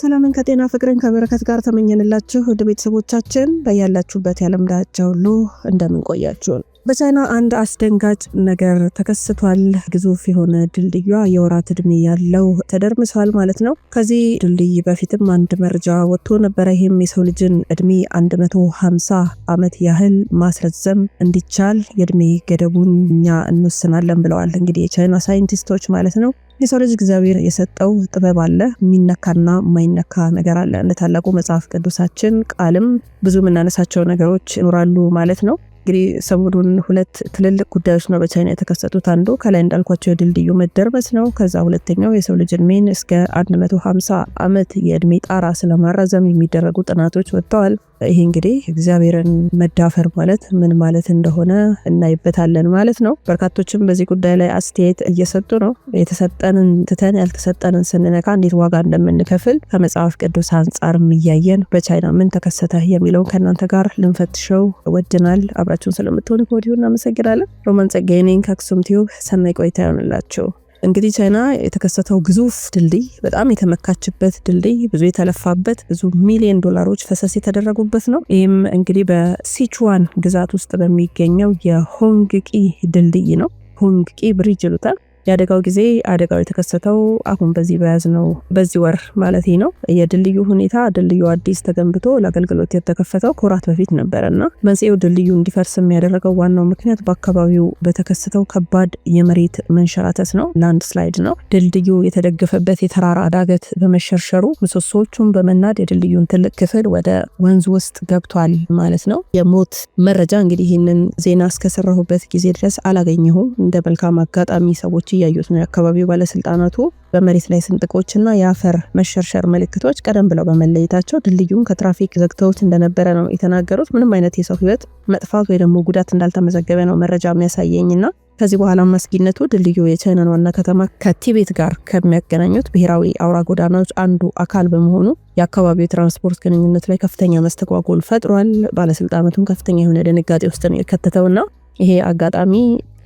ሰላምን ከጤና ፍቅርን ከበረከት ጋር ተመኘንላችሁ ውድ ቤተሰቦቻችን በያላችሁበት የዓለም ዳርቻ ሁሉ እንደምንቆያችሁ በቻይና አንድ አስደንጋጭ ነገር ተከስቷል። ግዙፍ የሆነ ድልድዩ የወራት እድሜ ያለው ተደርምሷል ማለት ነው። ከዚህ ድልድይ በፊትም አንድ መረጃ ወጥቶ ነበረ። ይህም የሰው ልጅን እድሜ 150 ዓመት ያህል ማስረዘም እንዲቻል የእድሜ ገደቡን እኛ እንወስናለን ብለዋል። እንግዲህ የቻይና ሳይንቲስቶች ማለት ነው። የሰው ልጅ እግዚአብሔር የሰጠው ጥበብ አለ። የሚነካና የማይነካ ነገር አለ። እንደ ታላቁ መጽሐፍ ቅዱሳችን ቃልም ብዙ የምናነሳቸው ነገሮች ይኖራሉ ማለት ነው። እንግዲህ ሰሞኑን ሁለት ትልልቅ ጉዳዮች ነው በቻይና የተከሰቱት። አንዱ ከላይ እንዳልኳቸው የድልድዩ መደርመስ ነው። ከዛ ሁለተኛው የሰው ልጅ እድሜን እስከ 150 ዓመት የእድሜ ጣራ ስለማራዘም የሚደረጉ ጥናቶች ወጥተዋል። ይሄ እንግዲህ እግዚአብሔርን መዳፈር ማለት ምን ማለት እንደሆነ እናይበታለን ማለት ነው። በርካቶችም በዚህ ጉዳይ ላይ አስተያየት እየሰጡ ነው። የተሰጠንን ትተን ያልተሰጠንን ስንነካ እንዴት ዋጋ እንደምንከፍል ከመጽሐፍ ቅዱስ አንጻር እያየን በቻይና ምን ተከሰተ የሚለውን ከእናንተ ጋር ልንፈትሸው ወድናል። አብራችሁን ስለምትሆኑ ከወዲሁ እናመሰግናለን። ሮማን ጸጋዬ ነኝ ከአክሱም ቲዩብ። ሰናይ ቆይታ ይሆንላችሁ። እንግዲህ ቻይና የተከሰተው ግዙፍ ድልድይ በጣም የተመካችበት ድልድይ ብዙ የተለፋበት ብዙ ሚሊዮን ዶላሮች ፈሰስ የተደረጉበት ነው። ይህም እንግዲህ በሲቹዋን ግዛት ውስጥ በሚገኘው የሆንግቂ ድልድይ ነው። ሆንግቂ ብሪጅ ይሉታል። የአደጋው ጊዜ አደጋው የተከሰተው አሁን በዚህ ነው በዚህ ወር ማለት ነው። የድልድዩ ሁኔታ ድልድዩ አዲስ ተገንብቶ ለአገልግሎት የተከፈተው ከወራት በፊት ነበረና መንስኤው ድልድዩ እንዲፈርስ የሚያደረገው ዋናው ምክንያት በአካባቢው በተከሰተው ከባድ የመሬት መንሸራተት ነው። ላንድ ስላይድ ነው። ድልድዩ የተደገፈበት የተራራ ዳገት በመሸርሸሩ ምሰሶዎቹን በመናድ የድልድዩን ትልቅ ክፍል ወደ ወንዝ ውስጥ ገብቷል ማለት ነው። የሞት መረጃ እንግዲህ ይህንን ዜና እስከሰራሁበት ጊዜ ድረስ አላገኘሁም። እንደ መልካም አጋጣሚ ሰዎች እያዩት ነው። የአካባቢው ባለስልጣናቱ በመሬት ላይ ስንጥቆችና የአፈር መሸርሸር ምልክቶች ቀደም ብለው በመለየታቸው ድልድዩን ከትራፊክ ዘግተውት እንደነበረ ነው የተናገሩት። ምንም አይነት የሰው ህይወት መጥፋት ወይ ደግሞ ጉዳት እንዳልተመዘገበ ነው መረጃ የሚያሳየኝና ከዚህ በኋላ መስጊነቱ ድልድዩ የቻይናን ዋና ከተማ ከቲቤት ጋር ከሚያገናኙት ብሔራዊ አውራ ጎዳናዎች አንዱ አካል በመሆኑ የአካባቢው ትራንስፖርት ግንኙነት ላይ ከፍተኛ መስተጓጎል ፈጥሯል። ባለስልጣናቱም ከፍተኛ የሆነ ድንጋጤ ውስጥ ነው የከተተውና ይሄ አጋጣሚ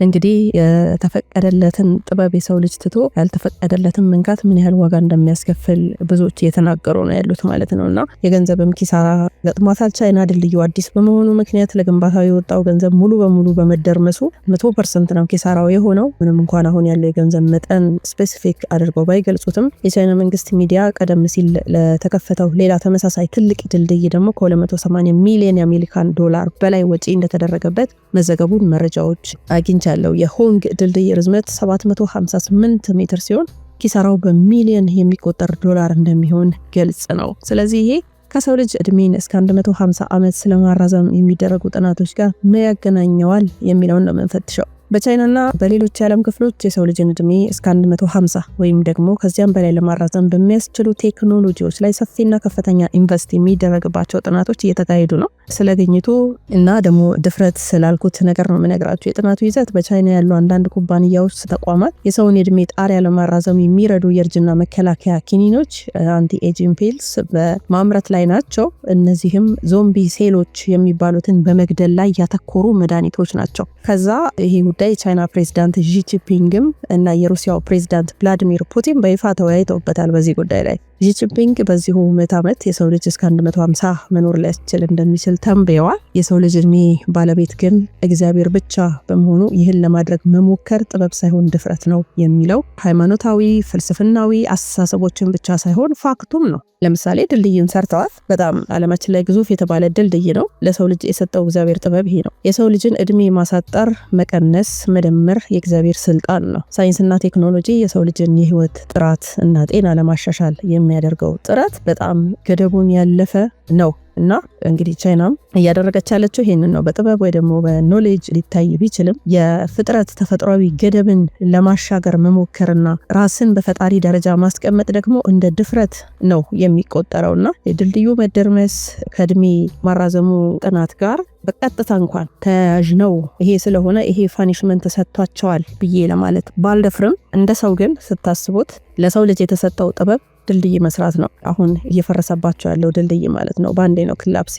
እንግዲህ የተፈቀደለትን ጥበብ የሰው ልጅ ትቶ ያልተፈቀደለትን መንካት ምን ያህል ዋጋ እንደሚያስከፍል ብዙዎች እየተናገሩ ነው ያሉት ማለት ነው። እና የገንዘብም ኪሳራ ገጥሟታል። ቻይና ድልድዩ አዲስ በመሆኑ ምክንያት ለግንባታው የወጣው ገንዘብ ሙሉ በሙሉ በመደርመሱ መቶ ፐርሰንት ነው ኪሳራው የሆነው። ምንም እንኳን አሁን ያለው የገንዘብ መጠን ስፔሲፊክ አድርገው ባይገልጹትም የቻይና መንግስት ሚዲያ ቀደም ሲል ለተከፈተው ሌላ ተመሳሳይ ትልቅ ድልድይ ደግሞ ከ280 ሚሊዮን የአሜሪካን ዶላር በላይ ወጪ እንደተደረገበት መዘገቡን መረጃዎች አግኝቻል። ያለው የሆንግ ድልድይ ርዝመት 758 ሜትር ሲሆን ኪሳራው በሚሊዮን የሚቆጠር ዶላር እንደሚሆን ገልጽ ነው። ስለዚህ ይሄ ከሰው ልጅ እድሜን እስከ 150 ዓመት ስለማራዘም የሚደረጉ ጥናቶች ጋር ምን ያገናኘዋል የሚለውን ነው የምንፈትሸው። በቻይናና በሌሎች የዓለም ክፍሎች የሰው ልጅን እድሜ እስከ 150 ወይም ደግሞ ከዚያም በላይ ለማራዘም በሚያስችሉ ቴክኖሎጂዎች ላይ ሰፊና ከፍተኛ ኢንቨስት የሚደረግባቸው ጥናቶች እየተካሄዱ ነው። ስለግኝቱ እና ደግሞ ድፍረት ስላልኩት ነገር ነው የምነግራቸው። የጥናቱ ይዘት በቻይና ያሉ አንዳንድ ኩባንያዎች፣ ተቋማት የሰውን የእድሜ ጣሪያ ለማራዘም የሚረዱ የእርጅና መከላከያ ኪኒኖች አንቲ ኤጂንግ ፒልስ በማምረት ላይ ናቸው። እነዚህም ዞምቢ ሴሎች የሚባሉትን በመግደል ላይ ያተኮሩ መድኃኒቶች ናቸው። ከዛ ይሄ ጉዳይ የቻይና ፕሬዚዳንት ዢ ጂንፒንግም እና የሩሲያው ፕሬዚዳንት ቭላዲሚር ፑቲን በይፋ ተወያይተውበታል በዚህ ጉዳይ ላይ ጂንፒንግ በዚሁ ምዕተ ዓመት የሰው ልጅ እስከ 150 መኖር ሊያስችል እንደሚችል ተንብየዋል። የሰው ልጅ እድሜ ባለቤት ግን እግዚአብሔር ብቻ በመሆኑ ይህን ለማድረግ መሞከር ጥበብ ሳይሆን ድፍረት ነው የሚለው ሃይማኖታዊ፣ ፍልስፍናዊ አስተሳሰቦችን ብቻ ሳይሆን ፋክቱም ነው። ለምሳሌ ድልድይን ሰርተዋል። በጣም አለማችን ላይ ግዙፍ የተባለ ድልድይ ነው። ለሰው ልጅ የሰጠው እግዚአብሔር ጥበብ ይሄ ነው። የሰው ልጅን እድሜ ማሳጠር፣ መቀነስ፣ መደመር የእግዚአብሔር ስልጣን ነው። ሳይንስና ቴክኖሎጂ የሰው ልጅን የህይወት ጥራት እና ጤና ለማሻሻል የሚ የሚያደርገው ጥረት በጣም ገደቡን ያለፈ ነው እና እንግዲህ ቻይናም እያደረገች ያለችው ይሄንን ነው። በጥበብ ወይ ደግሞ በኖሌጅ ሊታይ ቢችልም የፍጥረት ተፈጥሯዊ ገደብን ለማሻገር መሞከርና ራስን በፈጣሪ ደረጃ ማስቀመጥ ደግሞ እንደ ድፍረት ነው የሚቆጠረው እና የድልድዩ መደርመስ ከእድሜ ማራዘሙ ጥናት ጋር በቀጥታ እንኳን ተያያዥ ነው። ይሄ ስለሆነ ይሄ ፋኒሽመንት ተሰጥቷቸዋል ብዬ ለማለት ባልደፍርም፣ እንደ ሰው ግን ስታስቡት ለሰው ልጅ የተሰጠው ጥበብ ድልድይ መስራት ነው። አሁን እየፈረሰባቸው ያለው ድልድይ ማለት ነው። በአንዴ ነው ክላፕስ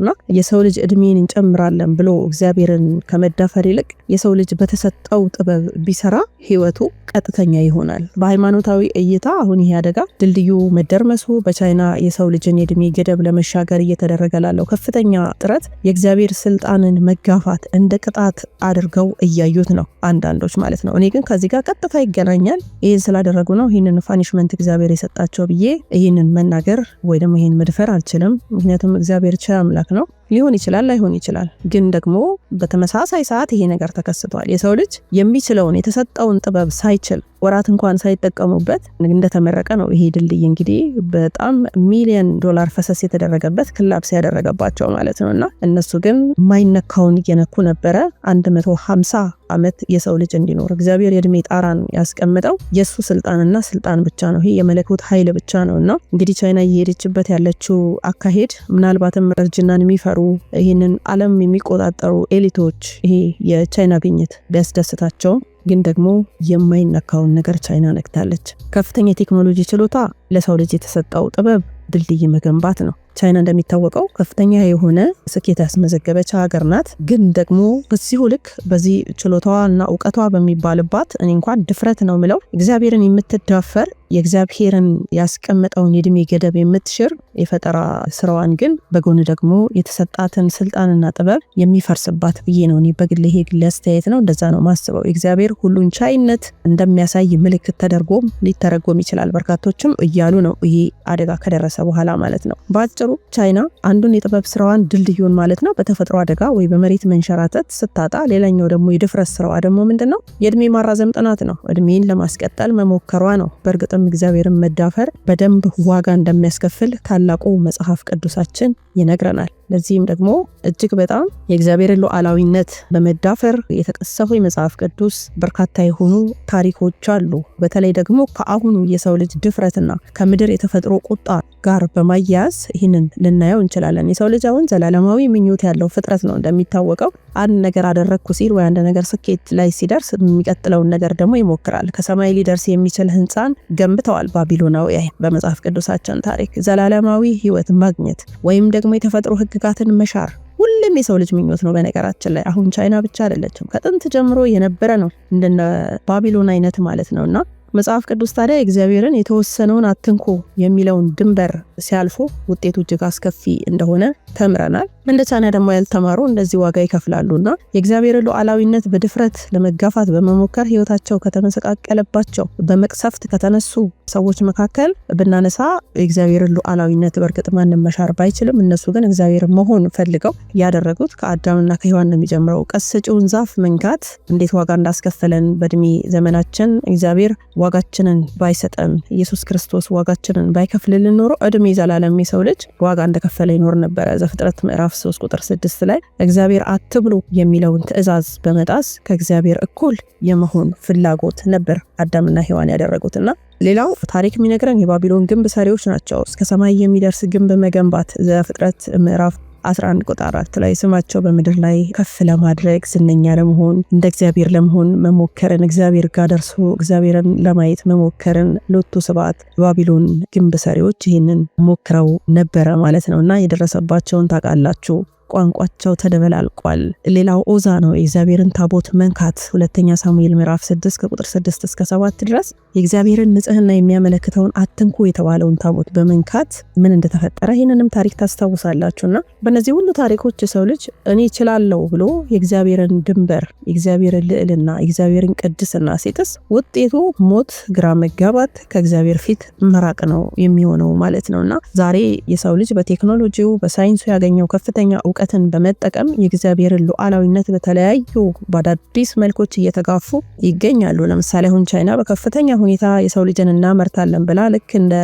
እና የሰው ልጅ እድሜን እንጨምራለን ብሎ እግዚአብሔርን ከመዳፈር ይልቅ የሰው ልጅ በተሰጠው ጥበብ ቢሰራ ህይወቱ ቀጥተኛ ይሆናል። በሃይማኖታዊ እይታ አሁን ይሄ አደጋ ድልድዩ መደርመሱ በቻይና የሰው ልጅን የእድሜ ገደብ ለመሻገር እየተደረገ ላለው ከፍተኛ ጥረት የእግዚአብሔር ስልጣንን መጋፋት እንደ ቅጣት አድርገው እያዩት ነው አንዳንዶች ማለት ነው። እኔ ግን ከዚህ ጋር ቀጥታ ይገናኛል። ይህን ስላደረጉ ነው ይህንን ፓኒሽመንት እግዚአብሔር የሰጣቸው ናቸው ብዬ ይህንን መናገር ወይ ደግሞ ይህን መድፈር አልችልም። ምክንያቱም እግዚአብሔር ቸር አምላክ ነው። ሊሆን ይችላል ላይሆን ይችላል። ግን ደግሞ በተመሳሳይ ሰዓት ይሄ ነገር ተከስቷል። የሰው ልጅ የሚችለውን የተሰጠውን ጥበብ ሳይችል ወራት እንኳን ሳይጠቀሙበት እንደተመረቀ ነው። ይሄ ድልድይ እንግዲህ በጣም ሚሊዮን ዶላር ፈሰስ የተደረገበት ክላፕስ ያደረገባቸው ማለት ነው። እና እነሱ ግን ማይነካውን እየነኩ ነበረ 150 ዓመት የሰው ልጅ እንዲኖር እግዚአብሔር የእድሜ ጣራን ያስቀምጠው። የእሱ ስልጣንና ስልጣን ብቻ ነው። ይሄ የመለኮት ኃይል ብቻ ነው። እና እንግዲህ ቻይና እየሄደችበት ያለችው አካሄድ ምናልባትም እርጅናን የሚፈሩ ይህንን ዓለም የሚቆጣጠሩ ኤሊቶች ይሄ የቻይና ግኝት ቢያስደስታቸውም ግን ደግሞ የማይነካውን ነገር ቻይና ነክታለች። ከፍተኛ የቴክኖሎጂ ችሎታ ለሰው ልጅ የተሰጠው ጥበብ ድልድይ መገንባት ነው። ቻይና እንደሚታወቀው ከፍተኛ የሆነ ስኬት ያስመዘገበች ሀገር ናት። ግን ደግሞ እዚሁ ልክ በዚህ ችሎታዋ እና እውቀቷ በሚባልባት እኔ እንኳን ድፍረት ነው ምለው እግዚአብሔርን የምትዳፈር የእግዚአብሔርን ያስቀመጠውን የእድሜ ገደብ የምትሽር የፈጠራ ስራዋን ግን በጎን ደግሞ የተሰጣትን ስልጣንና ጥበብ የሚፈርስባት ብዬ ነው እኔ በግል ይሄ ግል አስተያየት ነው። እንደዛ ነው ማስበው። እግዚአብሔር ሁሉን ቻይነት እንደሚያሳይ ምልክት ተደርጎም ሊተረጎም ይችላል። በርካቶችም እያሉ ነው ይሄ አደጋ ከደረሰ በኋላ ማለት ነው። ባጭሩ ቻይና አንዱን የጥበብ ስራዋን ድልድዩን ማለት ነው በተፈጥሮ አደጋ ወይ በመሬት መንሸራተት ስታጣ፣ ሌላኛው ደግሞ የድፍረት ስራዋ ደግሞ ምንድን ነው? የእድሜ ማራዘም ጥናት ነው። እድሜን ለማስቀጠል መሞከሯ ነው። በእርግጥም እግዚአብሔርን መዳፈር በደንብ ዋጋ እንደሚያስከፍል ታላቁ መጽሐፍ ቅዱሳችን ይነግረናል። ለዚህም ደግሞ እጅግ በጣም የእግዚአብሔርን ሉዓላዊነት በመዳፈር የተቀሰፉ የመጽሐፍ ቅዱስ በርካታ የሆኑ ታሪኮች አሉ። በተለይ ደግሞ ከአሁኑ የሰው ልጅ ድፍረትና ከምድር የተፈጥሮ ቁጣ ጋር በማያያዝ ይህንን ልናየው እንችላለን። የሰው ልጅ አሁን ዘላለማዊ ምኞት ያለው ፍጥረት ነው። እንደሚታወቀው አንድ ነገር አደረግኩ ሲል ወይ አንድ ነገር ስኬት ላይ ሲደርስ የሚቀጥለውን ነገር ደግሞ ይሞክራል። ከሰማይ ሊደርስ የሚችል ህንፃን ገንብተዋል ባቢሎናውያን በመጽሐፍ ቅዱሳችን ታሪክ። ዘላለማዊ ህይወት ማግኘት ወይም ደግሞ የተፈጥሮ ህግጋትን መሻር ሁሉም የሰው ልጅ ምኞት ነው። በነገራችን ላይ አሁን ቻይና ብቻ አይደለችም፣ ከጥንት ጀምሮ የነበረ ነው። እንደ ባቢሎን አይነት ማለት ነው እና መጽሐፍ ቅዱስ ታዲያ እግዚአብሔርን የተወሰነውን አትንኩ የሚለውን ድንበር ሲያልፉ ውጤቱ እጅግ አስከፊ እንደሆነ ተምረናል። እንደቻነ ደግሞ ያልተማሩ እንደዚህ ዋጋ ይከፍላሉና የእግዚአብሔር ሉዓላዊነት በድፍረት ለመጋፋት በመሞከር ህይወታቸው ከተመሰቃቀለባቸው በመቅሰፍት ከተነሱ ሰዎች መካከል ብናነሳ የእግዚአብሔር ሉዓላዊነት በእርግጥ ማንም መሻር ባይችልም እነሱ ግን እግዚአብሔር መሆን ፈልገው ያደረጉት ከአዳምና ከሔዋን ነው የሚጀምረው። ቀስ ዛፍ መንካት እንዴት ዋጋ እንዳስከፈለን በእድሜ ዘመናችን እግዚአብሔር ዋጋችንን ባይሰጠን ኢየሱስ ክርስቶስ ዋጋችንን ባይከፍልልን ኖሮ እድሜ ዘላለም የሰው ልጅ ዋጋ እንደከፈለ ይኖር ነበረ። ዘፍጥረት ምዕራፍ 3 ቁጥር 6 ላይ እግዚአብሔር አትብሉ የሚለውን ትእዛዝ በመጣስ ከእግዚአብሔር እኩል የመሆን ፍላጎት ነበር አዳምና ሔዋን ያደረጉትና ሌላው ታሪክ የሚነግረን የባቢሎን ግንብ ሰሪዎች ናቸው። እስከ ሰማይ የሚደርስ ግንብ መገንባት ዘፍጥረት ምዕራፍ 11 ቁጥር 4 ላይ ስማቸው በምድር ላይ ከፍ ለማድረግ ዝነኛ ለመሆን እንደ እግዚአብሔር ለመሆን መሞከርን እግዚአብሔር ጋር ደርሶ እግዚአብሔርን ለማየት መሞከርን ሎቱ ሰባት ባቢሎን ግንብ ሰሪዎች ይህንን ሞክረው ነበረ ማለት ነው እና የደረሰባቸውን ታውቃላችሁ። ቋንቋቸው ተደበላልቋል። ሌላው ኦዛ ነው። የእግዚአብሔርን ታቦት መንካት ሁለተኛ ሳሙኤል ምዕራፍ 6 ከቁጥር 6 እስከ 7 ድረስ የእግዚአብሔርን ንጽህና የሚያመለክተውን አትንኩ የተባለውን ታቦት በመንካት ምን እንደተፈጠረ ይህንንም ታሪክ ታስታውሳላችሁና በእነዚህ ሁሉ ታሪኮች የሰው ልጅ እኔ ይችላለው ብሎ የእግዚአብሔርን ድንበር፣ የእግዚአብሔርን ልዕልና፣ የእግዚአብሔርን ቅድስና ሲጥስ ውጤቱ ሞት፣ ግራ መጋባት፣ ከእግዚአብሔር ፊት መራቅ ነው የሚሆነው ማለት ነውና ዛሬ የሰው ልጅ በቴክኖሎጂው በሳይንሱ ያገኘው ከፍተኛ እውቀት እውቀትን በመጠቀም የእግዚአብሔርን ሉዓላዊነት በተለያዩ በአዳዲስ መልኮች እየተጋፉ ይገኛሉ። ለምሳሌ አሁን ቻይና በከፍተኛ ሁኔታ የሰው ልጅን እናመርታለን ብላ ልክ እንደ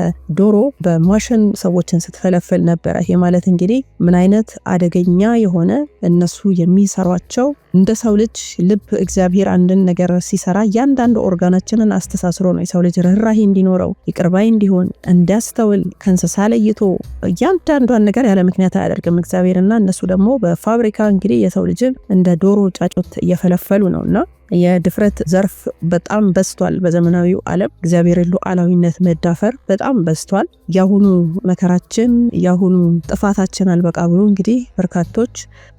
ዶሮ በማሽን ሰዎችን ስትፈለፍል ነበረ። ይህ ማለት እንግዲህ ምን አይነት አደገኛ የሆነ እነሱ የሚሰሯቸው እንደ ሰው ልጅ ልብ እግዚአብሔር አንድን ነገር ሲሰራ እያንዳንዱ ኦርጋናችንን አስተሳስሮ ነው የሰው ልጅ ርኅራሄ እንዲኖረው ይቅርባይ እንዲሆን እንዲያስተውል ከእንስሳ ለይቶ እያንዳንዷን ነገር ያለ ምክንያት አያደርግም እግዚአብሔርና እነሱ ደግሞ በፋብሪካ እንግዲህ የሰው ልጅን እንደ ዶሮ ጫጩት እየፈለፈሉ እና የድፍረት ዘርፍ በጣም በስቷል። በዘመናዊው ዓለም እግዚአብሔር ሉዓላዊነት መዳፈር በጣም በስቷል። ያሁኑ መከራችን ያሁኑ ጥፋታችን አልበቃ ብሎ እንግዲህ በርካቶች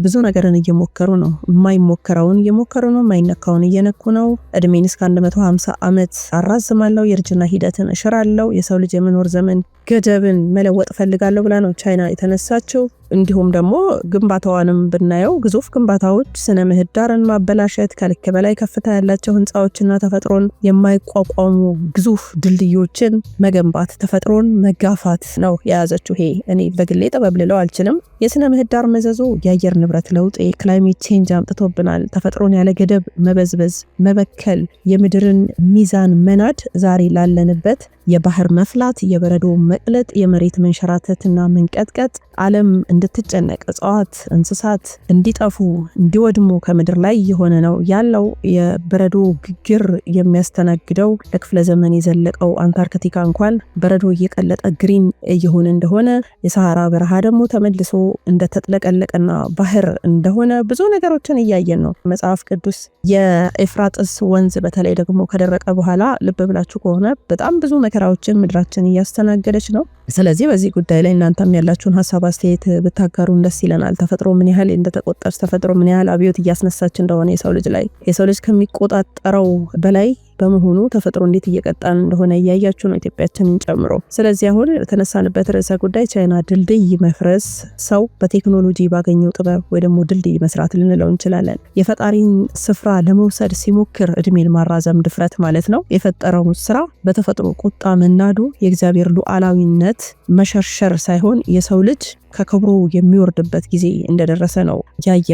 ብዙ ነገርን እየሞከሩ ነው። የማይሞከረውን እየሞከሩ ነው። የማይነካውን እየነኩ ነው። እድሜን እስከ 150 ዓመት አራዝማለው፣ የእርጅና ሂደትን እሽራለው፣ የሰው ልጅ የመኖር ዘመን ገደብን መለወጥ ፈልጋለሁ ብላ ነው ቻይና የተነሳችው። እንዲሁም ደግሞ ግንባታዋንም ብናየው ግዙፍ ግንባታዎች ስነ ምህዳርን ማበላሸት፣ ከልክ በላይ ከፍታ ያላቸው ህንፃዎችና ተፈጥሮን የማይቋቋሙ ግዙፍ ድልድዮችን መገንባት ተፈጥሮን መጋፋት ነው የያዘችው። ይሄ እኔ በግሌ ጥበብ ልለው አልችልም። የስነ ምህዳር መዘዙ የአየር ንብረት ለውጥ የክላይሜት ቼንጅ አምጥቶብናል። ተፈጥሮን ያለ ገደብ መበዝበዝ፣ መበከል፣ የምድርን ሚዛን መናድ ዛሬ ላለንበት የባህር መፍላት፣ የበረዶ መቅለጥ፣ የመሬት መንሸራተትና መንቀጥቀጥ ዓለም እንድትጨነቅ እጽዋት፣ እንስሳት እንዲጠፉ እንዲወድሙ ከምድር ላይ የሆነ ነው ያለው። የበረዶ ግግር የሚያስተናግደው ለክፍለ ዘመን የዘለቀው አንታርክቲካ እንኳን በረዶ እየቀለጠ ግሪን እየሆነ እንደሆነ የሰሃራ በረሃ ደግሞ ተመልሶ እንደተጥለቀለቀና ባህር እንደሆነ ብዙ ነገሮችን እያየን ነው። መጽሐፍ ቅዱስ የኤፍራጥስ ወንዝ በተለይ ደግሞ ከደረቀ በኋላ ልብ ብላችሁ ከሆነ በጣም ብዙ መከ መከራዎችን ምድራችን እያስተናገደች ነው። ስለዚህ በዚህ ጉዳይ ላይ እናንተም ያላችሁን ሀሳብ አስተያየት ብታጋሩን ደስ ይለናል። ተፈጥሮ ምን ያህል እንደተቆጠረች፣ ተፈጥሮ ምን ያህል አብዮት እያስነሳች እንደሆነ የሰው ልጅ ላይ የሰው ልጅ ከሚቆጣጠረው በላይ በመሆኑ ተፈጥሮ እንዴት እየቀጣን እንደሆነ እያያችሁ ነው፣ ኢትዮጵያችንን ጨምሮ። ስለዚህ አሁን የተነሳንበት ርዕሰ ጉዳይ ቻይና ድልድይ መፍረስ ሰው በቴክኖሎጂ ባገኘው ጥበብ ወይ ደግሞ ድልድይ መስራት ልንለው እንችላለን። የፈጣሪን ስፍራ ለመውሰድ ሲሞክር እድሜን ማራዘም ድፍረት ማለት ነው። የፈጠረው ስራ በተፈጥሮ ቁጣ መናዱ የእግዚአብሔር ሉዓላዊነት መሸርሸር ሳይሆን የሰው ልጅ ከክብሩ የሚወርድበት ጊዜ እንደደረሰ ነው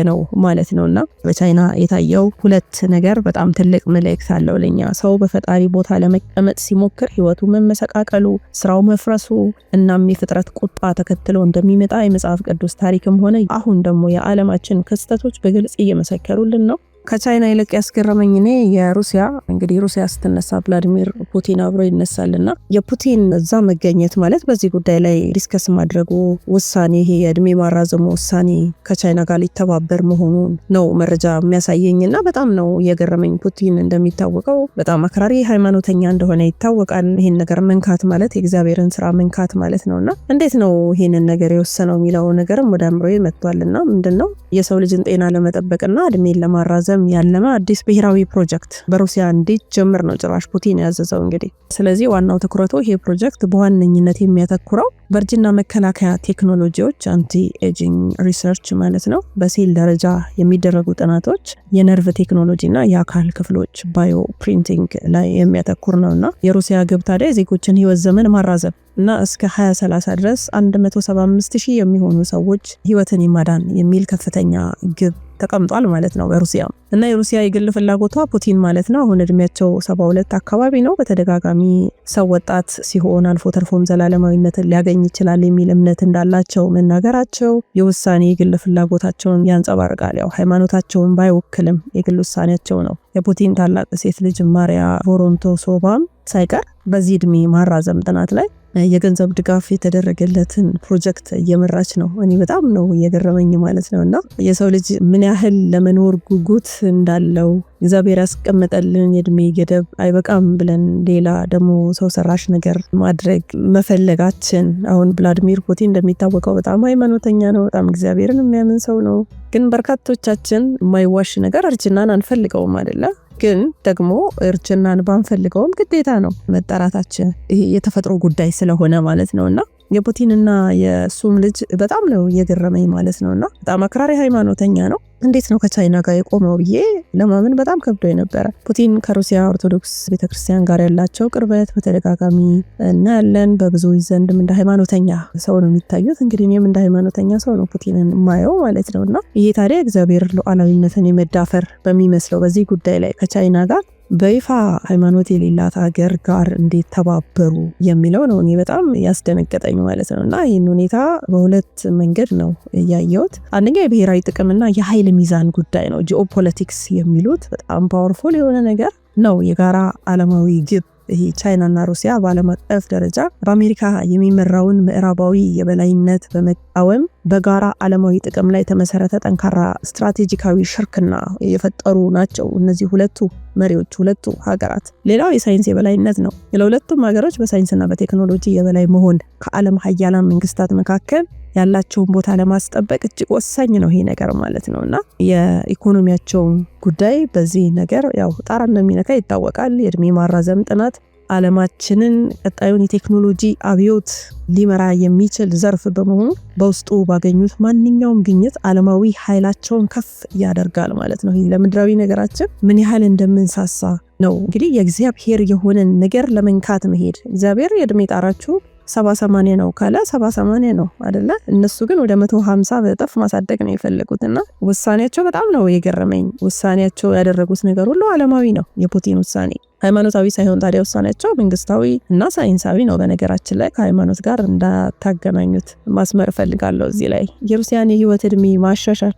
ነው ማለት ነው። እና በቻይና የታየው ሁለት ነገር በጣም ትልቅ መልእክት አለው ለኛ። ሰው በፈጣሪ ቦታ ለመቀመጥ ሲሞክር ህይወቱ መመሰቃቀሉ፣ ስራው መፍረሱ፣ እናም የፍጥረት ቁጣ ተከትሎ እንደሚመጣ የመጽሐፍ ቅዱስ ታሪክም ሆነ አሁን ደግሞ የዓለማችን ክስተቶች በግልጽ እየመሰከሩልን ነው። ከቻይና ይልቅ ያስገረመኝ እኔ የሩሲያ እንግዲህ ሩሲያ ስትነሳ ቭላዲሚር ፑቲን አብሮ ይነሳልና የፑቲን እዛ መገኘት ማለት በዚህ ጉዳይ ላይ ዲስከስ ማድረጉ ውሳኔ ይሄ የእድሜ ማራዘሙ ውሳኔ ከቻይና ጋር ሊተባበር መሆኑን ነው መረጃ የሚያሳየኝ እና በጣም ነው የገረመኝ። ፑቲን እንደሚታወቀው በጣም አክራሪ ሃይማኖተኛ እንደሆነ ይታወቃል። ይህን ነገር መንካት ማለት የእግዚአብሔርን ስራ መንካት ማለት ነው እና እንዴት ነው ይህንን ነገር የወሰነው የሚለው ነገርም ወደ አምሮ መጥቷል እና ምንድን ነው የሰው ልጅን ጤና ለመጠበቅና እድሜን ለማራዘም ለማራዘም ያለመ አዲስ ብሔራዊ ፕሮጀክት በሩሲያ እንዲጀምር ነው ጭራሽ ፑቲን ያዘዘው እንግዲህ። ስለዚህ ዋናው ትኩረቱ ይሄ ፕሮጀክት በዋነኝነት የሚያተኩረው በእርጅና መከላከያ ቴክኖሎጂዎች አንቲ ኤጂንግ ሪሰርች ማለት ነው። በሴል ደረጃ የሚደረጉ ጥናቶች፣ የነርቭ ቴክኖሎጂ እና የአካል ክፍሎች ባዮ ፕሪንቲንግ ላይ የሚያተኩር ነው እና የሩሲያ ግብ ታዲያ የዜጎችን ህይወት ዘመን ማራዘም እና እስከ 2030 ድረስ 175 ሺህ የሚሆኑ ሰዎች ህይወትን ይማዳን የሚል ከፍተኛ ግብ ተቀምጧል ማለት ነው በሩሲያ እና የሩሲያ የግል ፍላጎቷ ፑቲን ማለት ነው አሁን እድሜያቸው 72 አካባቢ ነው። በተደጋጋሚ ሰው ወጣት ሲሆን አልፎ ተርፎም ዘላለማዊነትን ሊያገኝ ይችላል የሚል እምነት እንዳላቸው መናገራቸው የውሳኔ የግል ፍላጎታቸውን ያንጸባርቃል። ያው ሃይማኖታቸውን ባይወክልም የግል ውሳኔያቸው ነው። የፑቲን ታላቅ ሴት ልጅ ማሪያ ቮሮንቶሶቫም ሳይቀር በዚህ እድሜ ማራዘም ጥናት ላይ የገንዘብ ድጋፍ የተደረገለትን ፕሮጀክት እየመራች ነው። እኔ በጣም ነው እየገረመኝ ማለት ነው። እና የሰው ልጅ ምን ያህል ለመኖር ጉጉት እንዳለው እግዚአብሔር ያስቀመጠልን የእድሜ ገደብ አይበቃም ብለን ሌላ ደግሞ ሰው ሰራሽ ነገር ማድረግ መፈለጋችን። አሁን ቭላድሚር ፑቲን እንደሚታወቀው በጣም ሃይማኖተኛ ነው፣ በጣም እግዚአብሔርን የሚያምን ሰው ነው። ግን በርካቶቻችን የማይዋሽ ነገር እርጅናን አንፈልገውም አይደለም ግን ደግሞ እርጅናን ባንፈልገውም ግዴታ ነው መጠራታችን። ይሄ የተፈጥሮ ጉዳይ ስለሆነ ማለት ነው እና የፑቲንና የሱም ልጅ በጣም ነው እየገረመኝ ማለት ነው። እና በጣም አክራሪ ሃይማኖተኛ ነው። እንዴት ነው ከቻይና ጋር የቆመው ብዬ ለማመን በጣም ከብዶ ነበረ። ፑቲን ከሩሲያ ኦርቶዶክስ ቤተክርስቲያን ጋር ያላቸው ቅርበት በተደጋጋሚ እናያለን። በብዙ ዘንድም እንደ ሃይማኖተኛ ሰው ነው የሚታዩት። እንግዲህ እኔም እንደ ሃይማኖተኛ ሰው ነው ፑቲንን ማየው ማለት ነው እና ይሄ ታዲያ እግዚአብሔር ሉዓላዊነትን የመዳፈር በሚመስለው በዚህ ጉዳይ ላይ ከቻይና ጋር በይፋ ሃይማኖት የሌላት ሀገር ጋር እንዴት ተባበሩ የሚለው ነው እኔ በጣም ያስደነገጠኝ ማለት ነው። እና ይህን ሁኔታ በሁለት መንገድ ነው ያየሁት። አንደኛ የብሔራዊ ጥቅምና የኃይል ሚዛን ጉዳይ ነው፣ ጂኦፖለቲክስ የሚሉት በጣም ፓወርፉል የሆነ ነገር ነው። የጋራ ዓለማዊ ግብ ይሄ ቻይናና ሩሲያ በዓለም አቀፍ ደረጃ በአሜሪካ የሚመራውን ምዕራባዊ የበላይነት በመቃወም በጋራ ዓለማዊ ጥቅም ላይ የተመሰረተ ጠንካራ ስትራቴጂካዊ ሽርክና የፈጠሩ ናቸው። እነዚህ ሁለቱ መሪዎች ሁለቱ ሀገራት። ሌላው የሳይንስ የበላይነት ነው። ለሁለቱም ሀገሮች በሳይንስና በቴክኖሎጂ የበላይ መሆን ከዓለም ሀያላን መንግስታት መካከል ያላቸውን ቦታ ለማስጠበቅ እጅግ ወሳኝ ነው ይሄ ነገር ማለት ነው እና የኢኮኖሚያቸውን ጉዳይ በዚህ ነገር ያው ጣራ እንደሚነካ ይታወቃል። የእድሜ ማራዘም ጥናት አለማችንን ቀጣዩን የቴክኖሎጂ አብዮት ሊመራ የሚችል ዘርፍ በመሆኑ በውስጡ ባገኙት ማንኛውም ግኝት አለማዊ ኃይላቸውን ከፍ ያደርጋል ማለት ነው። ለምድራዊ ነገራችን ምን ያህል እንደምንሳሳ ነው እንግዲህ የእግዚአብሔር የሆነን ነገር ለመንካት መሄድ። እግዚአብሔር የእድሜ ጣራችሁ ሰባ ሰማንያ ነው ካለ ሰባ ሰማንያ ነው አደለ። እነሱ ግን ወደ መቶ ሀምሳ በጠፍ ማሳደግ ነው የፈለጉት እና ውሳኔያቸው በጣም ነው የገረመኝ። ውሳኔያቸው ያደረጉት ነገር ሁሉ አለማዊ ነው የፑቲን ውሳኔ ሃይማኖታዊ ሳይሆን ታዲያ ውሳኔያቸው መንግስታዊ እና ሳይንሳዊ ነው። በነገራችን ላይ ከሃይማኖት ጋር እንዳታገናኙት ማስመር እፈልጋለሁ እዚህ ላይ የሩሲያን የህይወት እድሜ ማሻሻል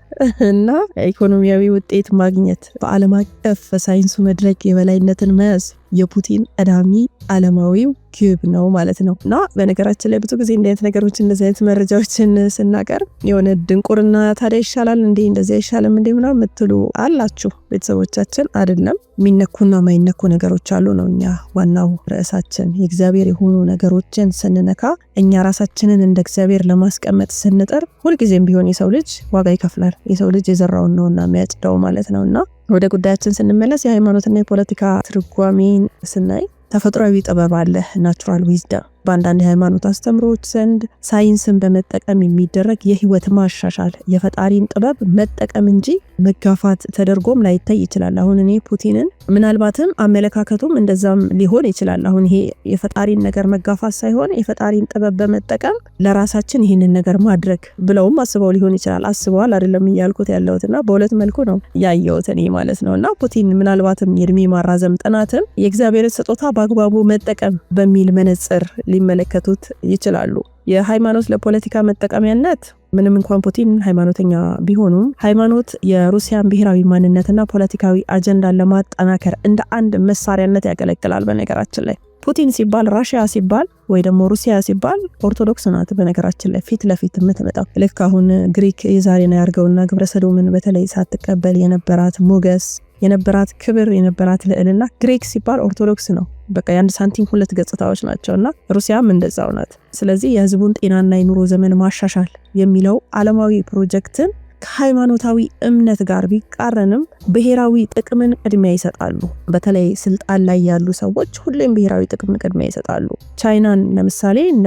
እና ኢኮኖሚያዊ ውጤት ማግኘት በዓለም አቀፍ ሳይንሱ መድረክ የበላይነትን መያዝ የፑቲን ቀዳሚ ዓለማዊው ግብ ነው ማለት ነው። እና በነገራችን ላይ ብዙ ጊዜ እንዲህ አይነት ነገሮች እንደዚህ አይነት መረጃዎችን ስናቀርብ የሆነ ድንቁርና ታዲያ ይሻላል እንዴ እንደዚያ ይሻልም እንዴ ምናምን የምትሉ አላችሁ። ቤተሰቦቻችን አይደለም የሚነኩና የማይነኩ ነገሮች አሉ ነው እኛ ዋናው ርዕሳችን። የእግዚአብሔር የሆኑ ነገሮችን ስንነካ እኛ ራሳችንን እንደ እግዚአብሔር ለማስቀመጥ ስንጥር ሁልጊዜም ቢሆን የሰው ልጅ ዋጋ ይከፍላል። የሰው ልጅ የዘራውን ነውና የሚያጭደው ማለት ነውና ወደ ጉዳያችን ስንመለስ የሃይማኖትና የፖለቲካ ትርጓሜን ስናይ ተፈጥሯዊ ጥበብ አለ ናቹራል ዊዝደም በአንዳንድ የሃይማኖት አስተምሮዎች ዘንድ ሳይንስን በመጠቀም የሚደረግ የህይወት ማሻሻል የፈጣሪን ጥበብ መጠቀም እንጂ መጋፋት ተደርጎም ላይታይ ይችላል። አሁን እኔ ፑቲንን ምናልባትም አመለካከቱም እንደዛም ሊሆን ይችላል። አሁን ይሄ የፈጣሪን ነገር መጋፋት ሳይሆን የፈጣሪን ጥበብ በመጠቀም ለራሳችን ይህንን ነገር ማድረግ ብለውም አስበው ሊሆን ይችላል። አስበዋል አይደለም እያልኩት ያለሁትና በሁለት መልኩ ነው ያየሁት እኔ ማለት ነው። እና ፑቲን ምናልባትም የእድሜ ማራዘም ጥናትም የእግዚአብሔርን ስጦታ በአግባቡ መጠቀም በሚል መነጽር ሊመለከቱት ይችላሉ። የሃይማኖት ለፖለቲካ መጠቀሚያነት ምንም እንኳን ፑቲን ሃይማኖተኛ ቢሆኑም ሃይማኖት የሩሲያን ብሔራዊ ማንነትና ፖለቲካዊ አጀንዳን ለማጠናከር እንደ አንድ መሳሪያነት ያገለግላል። በነገራችን ላይ ፑቲን ሲባል ራሽያ ሲባል ወይ ደግሞ ሩሲያ ሲባል ኦርቶዶክስ ናት። በነገራችን ላይ ፊት ለፊት የምትመጣው ልክ አሁን ግሪክ የዛሬ ነው ያርገውና ግብረ ሰዶምን በተለይ ሳትቀበል የነበራት ሞገስ የነበራት ክብር የነበራት ልዕልና ግሪክ ሲባል ኦርቶዶክስ ነው። በቃ የአንድ ሳንቲም ሁለት ገጽታዎች ናቸው እና ሩሲያም እንደዛው ናት። ስለዚህ የህዝቡን ጤናና የኑሮ ዘመን ማሻሻል የሚለው አለማዊ ፕሮጀክትን ከሃይማኖታዊ እምነት ጋር ቢቃረንም ብሔራዊ ጥቅምን ቅድሚያ ይሰጣሉ። በተለይ ስልጣን ላይ ያሉ ሰዎች ሁሌም ብሔራዊ ጥቅምን ቅድሚያ ይሰጣሉ። ቻይናን ለምሳሌ እንደ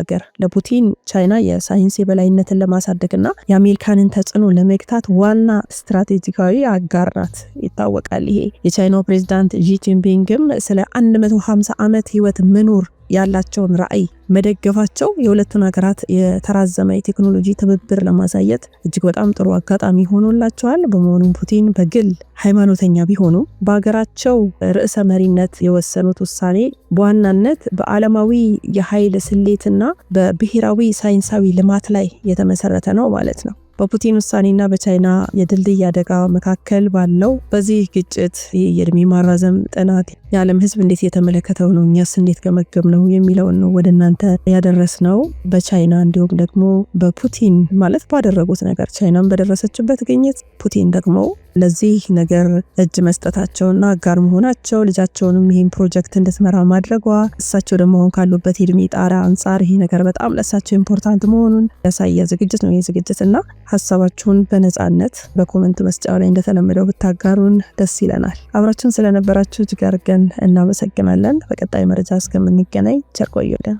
ሀገር ለፑቲን ቻይና የሳይንስ የበላይነትን ለማሳደግና የአሜሪካንን ተጽዕኖ ለመግታት ዋና ስትራቴጂካዊ አጋር ናት፣ ይታወቃል። ይሄ የቻይናው ፕሬዚዳንት ዢ ጂንፒንግም ስለ 150 ዓመት ህይወት መኖር ያላቸውን ራዕይ መደገፋቸው የሁለቱን ሀገራት የተራዘመ የቴክኖሎጂ ትብብር ለማሳየት እጅግ በጣም ጥሩ አጋጣሚ ሆኖላቸዋል። በመሆኑም ፑቲን በግል ሃይማኖተኛ ቢሆኑ በሀገራቸው ርዕሰ መሪነት የወሰኑት ውሳኔ በዋናነት በዓለማዊ የኃይል ስሌትና በብሔራዊ ሳይንሳዊ ልማት ላይ የተመሰረተ ነው ማለት ነው። በፑቲን ውሳኔና በቻይና የድልድይ አደጋ መካከል ባለው በዚህ ግጭት የእድሜ ማራዘም ጥናት የዓለም ህዝብ እንዴት የተመለከተው ነው፣ እኛስ እንዴት ገመገብ ነው የሚለውን ነው ወደ እናንተ ያደረስ ነው። በቻይና እንዲሁም ደግሞ በፑቲን ማለት ባደረጉት ነገር ቻይናን በደረሰችበት ግኝት ፑቲን ደግሞ ለዚህ ነገር እጅ መስጠታቸውና አጋር መሆናቸው ልጃቸውንም ይህን ፕሮጀክት እንድትመራ ማድረጓ እሳቸው ደግሞ አሁን ካሉበት እድሜ ጣሪያ አንጻር ይህ ነገር በጣም ለእሳቸው ኢምፖርታንት መሆኑን ያሳየ ዝግጅት ነው። ይህ ዝግጅት እና ሀሳባችሁን በነፃነት በኮመንት መስጫው ላይ እንደተለመደው ብታጋሩን ደስ ይለናል። አብራችሁን ስለነበራችሁ እጅግ አድርገን እናመሰግናለን። በቀጣይ መረጃ እስከምንገናኝ ቸር ቆዩልን።